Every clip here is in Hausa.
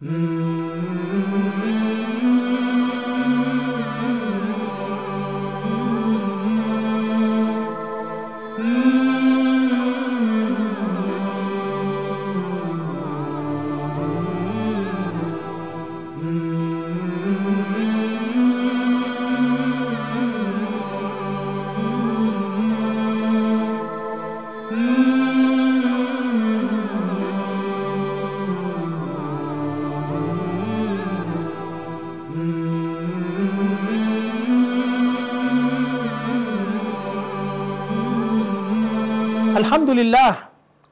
Mm-hmm. alhamdulillah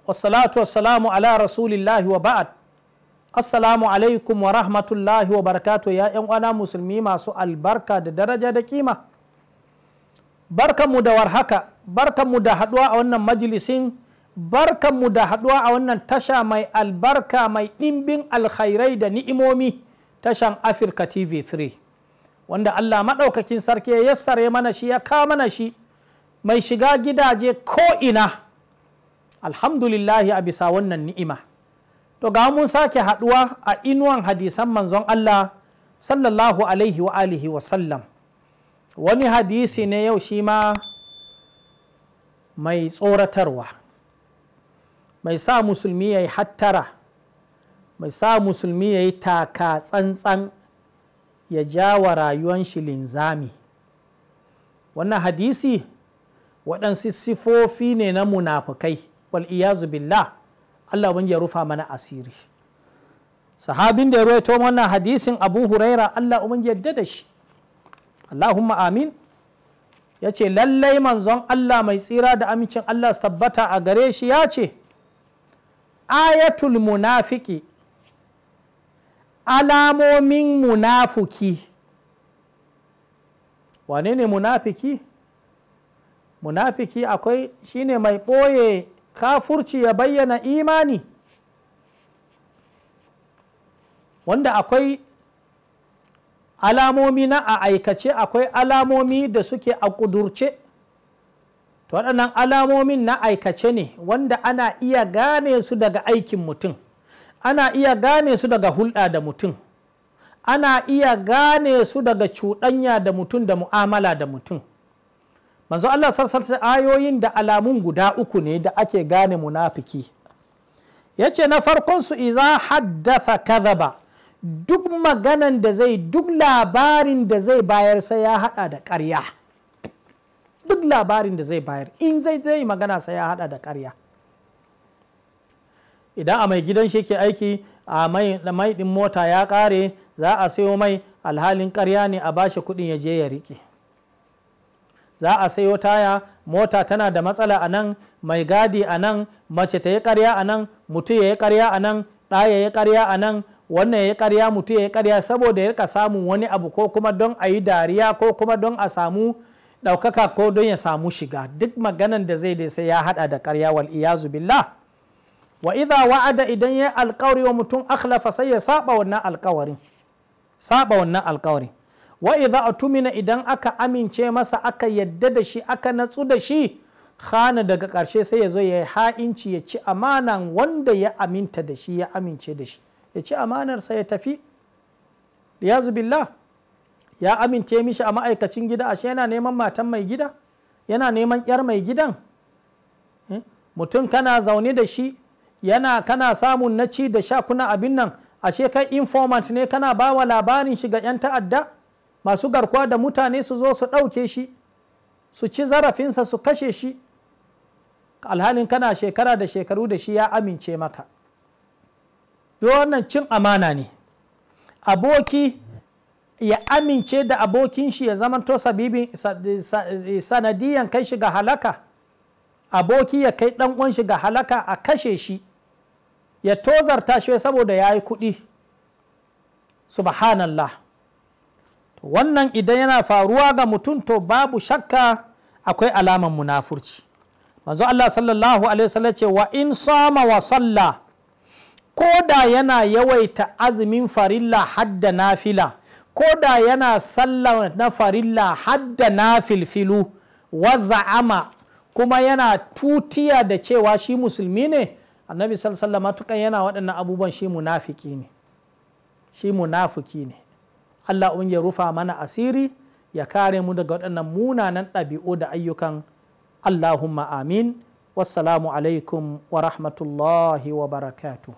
wassalatu wassalamu ala rasulillahi wa ba'ad assalamu alaikum wa rahmatullahi wa barakatu ya yan uwana musulmi masu albarka da daraja da kima barkanmu da warhaka barkanmu da haduwa a wannan majalisin barkanmu da haduwa a wannan tasha mai albarka mai ɗimbin alkhairai da ni'imomi tashan afirka tv 3 wanda allah maɗaukakin sarki ya yassare mana shi ya ka mana shi mai shiga gidaje ko'ina alhamdulillahi a bisa wannan ni'ima to ga mun sake haɗuwa a inuwan hadisan manzon Allah sallallahu alaihi wa alihi wa sallam wani hadisi ne yau shi ma mai tsoratarwa mai sa musulmi ya yi hattara mai sa musulmi ya yi taka tsantsan ya ja wa rayuwan shi linzami wannan hadisi waɗansu sifofi ne na munafukai wal iyazu billah Allah ya rufa mana asiri sahabin da ya ruwaito wannan hadisin Abu Huraira Allah uban yadda da shi Allahumma amin ya ce lallai manzon Allah mai tsira da amincin Allah su tabbata a gare shi ya ce ayatul munafiki alamomin munafuki wane ne munafiki munafiki akwai shine mai ɓoye kafurci ya bayyana imani wanda akwai alamomi na a aikace akwai alamomi da suke a kudurce to waɗannan alamomin na aikace ne wanda ana iya gane su daga aikin mutum ana iya gane su daga hulɗa da mutum ana iya gane su daga cuɗanya da mutum da mu'amala da mutum manzo Allah sarsarsa ayoyin da alamun guda uku ne da ake gane munafiki ya ce na su iza haddasa kazaba duk maganan da zai duk labarin da zai bayar sai ya hada da karya duk labarin da zai bayar in zai zai magana sai ya hada da karya idan a mai gidan shi ke aiki a mai din mota ya kare za a sayo mai alhalin karya ne a bashi kuɗin ya je ya riƙe za a sayo taya mota tana da matsala a nan mai gadi a nan mace ta yi karya a nan mutum ya yi karya a nan ɗa ya yi karya a nan wannan ya yi karya mutum ya yi karya saboda ya rika samun wani abu ko kuma don a yi dariya ko kuma don a samu ɗaukaka ko don ya samu shiga duk maganan da zai dai sai ya haɗa da karya wal iyazu billah wa idza wa'ada idan ya alƙawari wa mutum akhlafa sai ya saba wannan alƙawarin saba wannan alƙawarin wa idza atumina idan aka amince masa aka yadda da shi aka natsu da shi khana daga karshe sai ya zo ya ha'inci ya ci amanan wanda ya aminta da shi ya amince da shi ya ci amanar sai ya tafi ya billah ya amince mishi a ma'aikacin gida ashe yana neman matan mai gida yana neman yar mai gidan eh, mutum kana zaune da shi yana kana samun naci da sha kuna abin nan ashe kai informant ne kana bawa labarin shi ga 'yan ta'adda masu garkuwa da mutane su zo su ɗauke shi su ci zarafinsa su kashe shi alhalin kana shekara da shekaru da shi ya amince maka wannan cin amana ne aboki ya amince da abokin shi ya zamanto sabibin sanadiyan kai shi ga halaka aboki ya kai ɗan uwan shi ga halaka a kashe shi ya tozarta shi saboda ya yi kuɗi subhanallah wannan idan yana faruwa ga mutum to babu shakka akwai alaman munafurci manzo Allah sallallahu alaihi wasallam ce wa in sama wa salla ko da yana yawaita azumin farilla hadda nafila ko da yana salla na farilla hadda nafilfilu wa za'ama kuma yana tutiya da cewa shi musulmi ne annabi sallallahu alaihi wasallam yana waɗannan abubuwan shi munafiki ne shi munafiki ne Allah ubin ya rufa mana asiri ya kare mu daga waɗannan munanan ɗabi'u da ayyukan Allahumma amin wassalamu alaikum wa rahmatullahi wa barakatuh